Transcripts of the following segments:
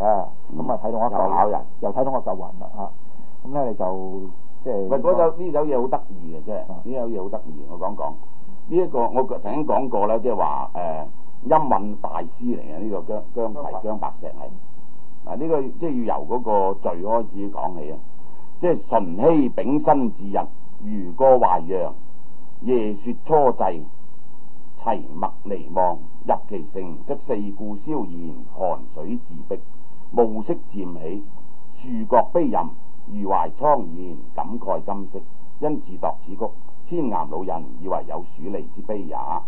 啊，咁啊睇到我咬人，又睇到我救雲啦嚇。咁咧你就即係喂，首呢首嘢好得意嘅，即係呢首嘢好得意。我講講呢一個，我曾經講過啦，即係話誒音韻大師嚟嘅呢個姜姜皮姜白石係嗱呢個即係由嗰個序開始講起啊，即係淳熙丙申至日，予過維揚，夜雪初霽，薺麥彌望，入其城則四顧蕭然，寒水自碧。暮色漸起，戍角悲吟，予懷愴然，感慨今昔。因自度此曲，千岩老人以為有黍離之悲也。咁、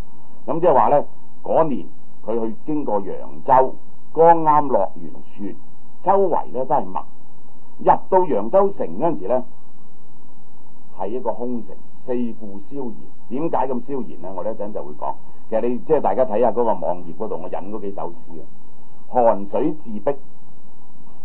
嗯、即係話呢，嗰年佢去經過揚州，剛啱落完雪，周圍呢都係麥。入到揚州城嗰陣時咧，係一個空城，四顧蕭然。點解咁蕭然呢？我咧一陣就會講。其實你即係大家睇下嗰個網頁嗰度，我引嗰幾首詩啊，寒水自碧。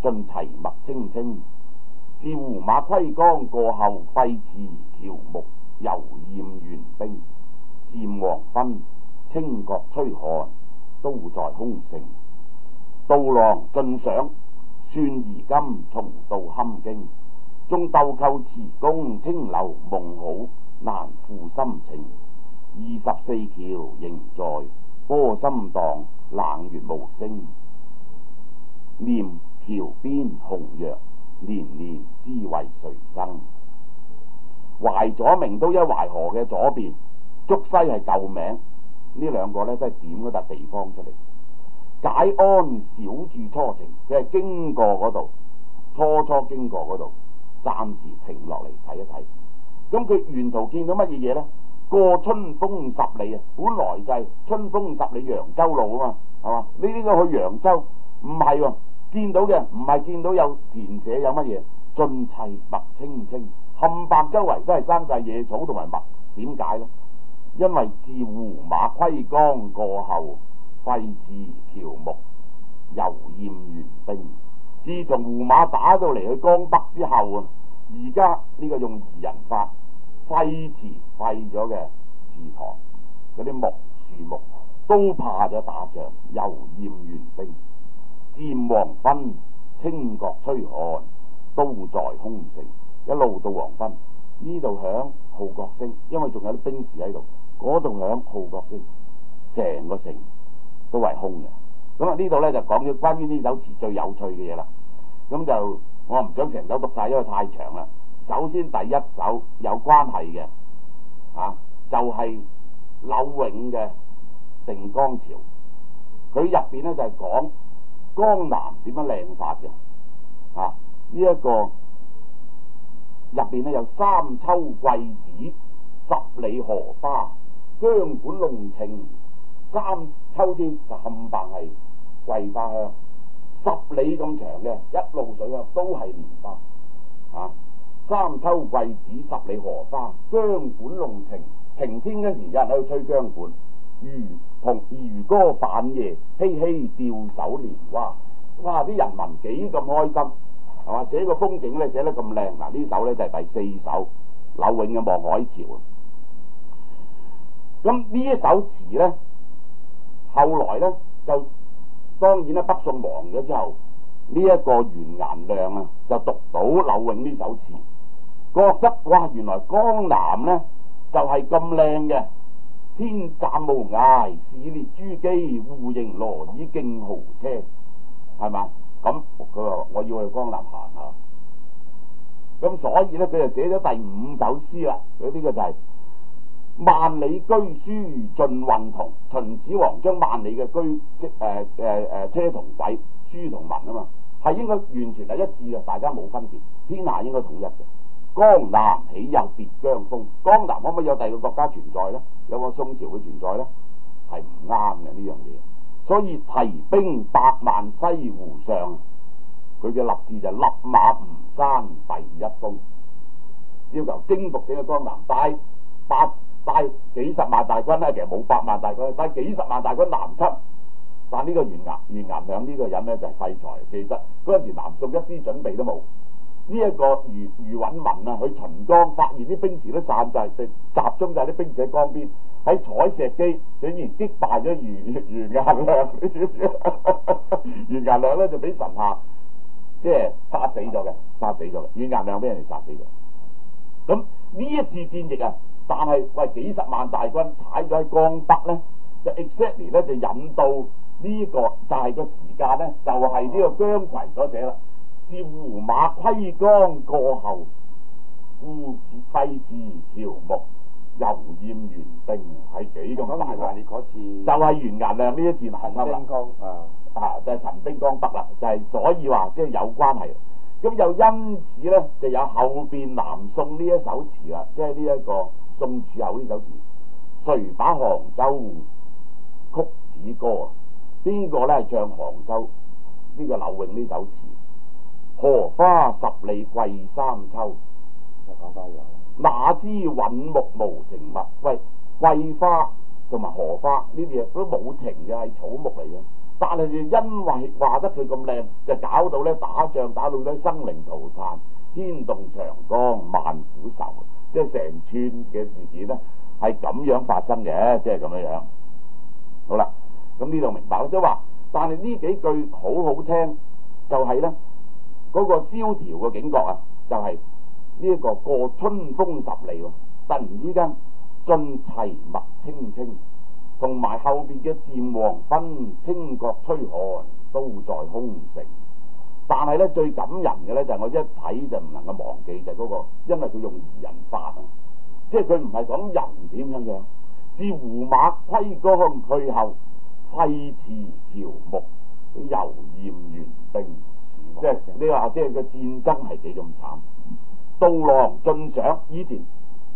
盡薺麥青青，自胡馬窺江過後廢橋，廢池喬木，猶厭言兵。漸黃昏，清角吹寒，都在空城。杜郎俊賞，算而今重到堪驚。縱豆蔻詞工，青樓夢好，難賦深情。二十四橋仍在，波心蕩，冷月無聲。念橋邊紅藥，年年知為誰生？淮左名都，一淮河嘅左邊，竹西係舊名。呢兩個呢，都係點嗰笪地方出嚟？解鞍少駐初程，佢係經過嗰度，初初經過嗰度，暫時停落嚟睇一睇。咁佢沿途見到乜嘢嘢呢？過春風十里啊，本來就係春風十里揚州路啊嘛，係嘛？呢啲都去揚州唔係喎。見到嘅唔係見到有田舍有乜嘢，盡薺麥青青，冚白周圍都係生曬野草同埋麥。點解呢？因為自胡馬窺江過後，廢池喬木，猶厭言兵。自從胡馬打到嚟去江北之後，而家呢個用二人法廢池廢咗嘅祠堂，嗰啲木樹木都怕咗打仗，猶厭言兵。漸黃昏，清角吹寒，都在空城。一路到黃昏，呢度響號角聲，因為仲有啲兵士喺度。嗰度響號角聲，成個城都係空嘅。咁啊，呢度咧就講咗關於呢首詞最有趣嘅嘢啦。咁就我唔想成首讀晒，因為太長啦。首先第一首有關係嘅啊，就係柳永嘅《定江潮》，佢入邊咧就係講。江南點樣靚法嘅？啊，這個、呢一個入邊咧有三秋桂子、十里荷花、姜管弄晴。三秋天就冚唪唥係桂花香，十里咁長嘅一路水啊都係蓮花。啊，三秋桂子、十里荷花、姜管弄晴，晴天嗰陣時有人喺度吹姜管。漁同漁歌泛夜，嘻嘻釣叟蓮娃，哇！啲人民幾咁開心，係嘛？寫個風景咧，寫得咁靚。嗱，呢首咧就係第四首柳永嘅《望海潮》啊。咁呢一首詞咧，後來咧就當然咧，北宋亡咗之後，呢一個完顏亮啊，就讀到柳永呢首詞，覺得哇，原來江南咧就係咁靚嘅。天塹無涯，市列珠璣，戶盈羅綺競豪車，係嘛？咁佢話我要去江南行啊！咁所以咧，佢就寫咗第五首詩啦。佢、這、呢個就係、是、萬里車書盡混同，秦始皇將萬里嘅車即誒誒誒車同軌，書同文啊嘛，係應該完全係一致嘅，大家冇分別，天下應該統一嘅。江南豈有別疆風？江南可唔可以有第二個國家存在呢？有個宋朝嘅存在呢，係唔啱嘅呢樣嘢。所以提兵百萬西湖上，佢嘅立志就立馬吳山第一峰，要求征服者嘅江南，帶百帶幾十萬大軍呢，其實冇百萬大軍，帶幾十萬大軍南侵。但呢個袁岩袁岩響呢個人呢，就係廢材，其實嗰陣時南宋一啲準備都冇。呢一個虞、虞允文啊，去巡江發現啲兵士都散晒，就集中晒啲兵士喺江邊，喺采石磯竟然擊敗咗完、完、完顏亮。完 顏亮咧就俾臣下即係殺死咗嘅，殺死咗嘅。完顏亮俾人哋殺死咗。咁呢一次戰役啊，但係喂幾十萬大軍踩咗喺江北咧，就 exactly 咧就引導呢、這個就係、是、個時間咧，就係、是、呢個姜夔所寫啦。自胡馬窺江過後，廢池喬木，猶厭言兵，係幾咁大啊！就係完顏亮呢一戰啦，陳兵江啊啊，就係陳兵江北啦，就係所以話即係有關係。咁又因此咧，就有後邊南宋呢一首詞啦，即係呢一個宋詞後呢首詞，誰把杭州曲子歌啊？邊個咧係唱杭州呢、呢個柳永呢首詞？荷花十里桂三秋，又講花友。哪知卉木無情物？喂，桂花同埋荷花呢啲嘢都冇情嘅，係草木嚟嘅。但係因為話得佢咁靚，就搞到咧打仗打到啲生靈塗炭，牽動長江萬古愁，即係成串嘅事件咧係咁樣發生嘅，即係咁樣樣。好啦，咁呢度明白咯，即係話，但係呢幾句好好聽，就係咧。嗰個蕭條嘅警覺啊，就係呢一個過春風十里喎、啊，突然之間盡薺麥青青，同埋後邊嘅漸黃昏，清角吹寒，都在空城。但係咧最感人嘅咧就係、是、我一睇就唔能夠忘記就係、是、嗰、那個，因為佢用擬人法啊，即係佢唔係講人點樣樣，自胡馬窺江去後，廢池喬木，佢猶厭言兵。即係你話，即係個戰爭係幾咁慘？杜郎俊賞以前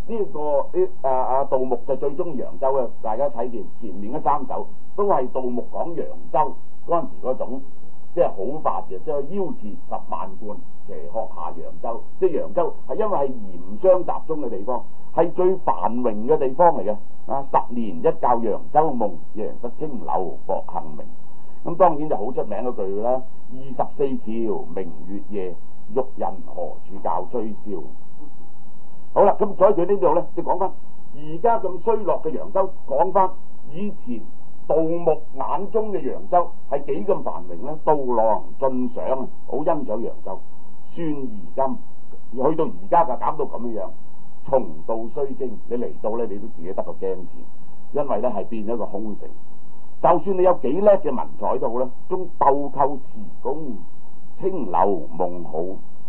呢、這個啲啊啊，杜牧就最中揚州嘅，大家睇見前面嗰三首都係杜牧講揚州嗰陣時嗰種即係好發嘅，即係、就是、腰纏十萬貫，騎鶴下揚州，即係揚州係因為係鹽商集中嘅地方，係最繁榮嘅地方嚟嘅。啊，十年一覺揚州夢，贏得青樓薄幸名。咁當然就好出名嗰句啦，二十四橋明月夜，玉人何處教吹簫。嗯、好啦，咁所以佢呢度咧，就講翻而家咁衰落嘅揚州，講翻以前杜牧眼中嘅揚州係幾咁繁榮咧？杜郎俊賞，好欣賞揚州。算而今，去到而家就搞到咁樣樣，重到須驚。你嚟到咧，你都自己得個驚字，因為咧係變咗個空城。就算你有幾叻嘅文采都好啦，縱豆蔻詞工、青樓夢好、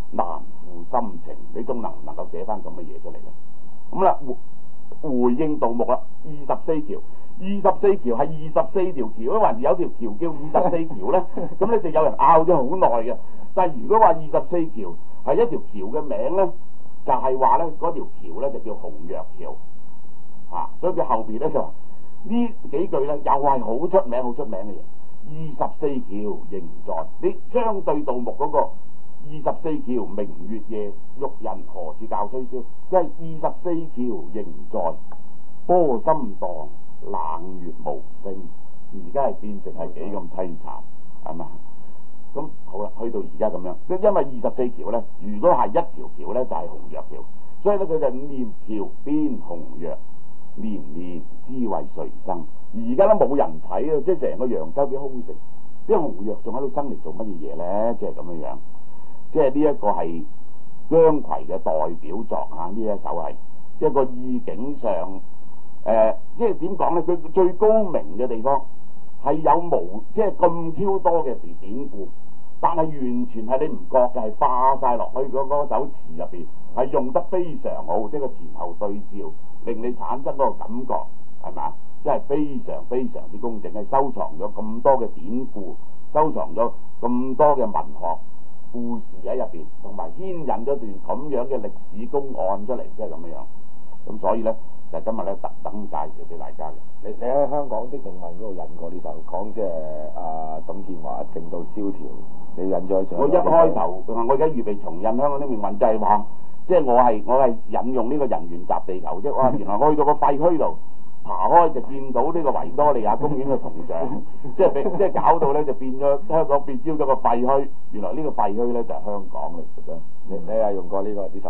難賦深情，你仲能唔能夠寫翻咁嘅嘢出嚟咧？咁、嗯、啦，回應杜牧啦，二十四橋，二十四橋係二十四條橋，橋，還是有條橋叫二十四橋咧？咁你 就有人拗咗好耐嘅，但、就、係、是、如果話二十四橋係一條橋嘅名咧，就係話咧嗰條橋咧就叫紅藥橋，嚇、啊，所以佢後邊咧就話。呢幾句咧又係好出名、好出名嘅嘢。二十四橋仍在，你相對杜牧嗰個二十四橋明月夜，玉人何處教吹簫」，佢係二十四橋仍在，波心盪，冷月無聲。而家係變成係幾咁凄慘，係咪啊？咁好啦，去到而家咁樣，因為二十四橋咧，如果係一條橋咧，就係紅藥橋，所以咧佢就念橋邊紅藥。年年知為誰生？而家都冇人睇啊！即係成個揚州變空城，啲紅藥仲喺度生嚟做乜嘢嘢咧？即係咁樣樣，即係呢一個係姜夔嘅代表作啊！呢一首係即係個意境上，誒、呃，即係點講咧？佢最高明嘅地方係有無即係咁挑多嘅典故，但係完全係你唔覺嘅，係化晒落去嗰首詞入邊，係用得非常好，即係個前後對照。令你產生嗰個感覺係嘛？即係非常非常之公正，係收藏咗咁多嘅典故，收藏咗咁多嘅文學故事喺入邊，同埋牽引咗段咁樣嘅歷史公案出嚟，即係咁樣。咁、嗯、所以咧，就是、今日咧特登介紹俾大家嘅。你、就是啊、你喺《嗯、香港的命運》嗰度引過呢就講即係啊董建華政到蕭條，你引咗一場。我一開頭，我而家預備重印《香港啲命運》，就係話。即係我係我係引用呢個人猿襲地球啫！哇，原來我去到個廢墟度爬開就見到呢個維多利亞公園嘅銅像，即係係即係搞到咧就變咗香港變焦咗個廢墟。原來呢個廢墟咧就係、是、香港嚟嘅啫。嗯、你你係用過呢、這個啲、這個、手？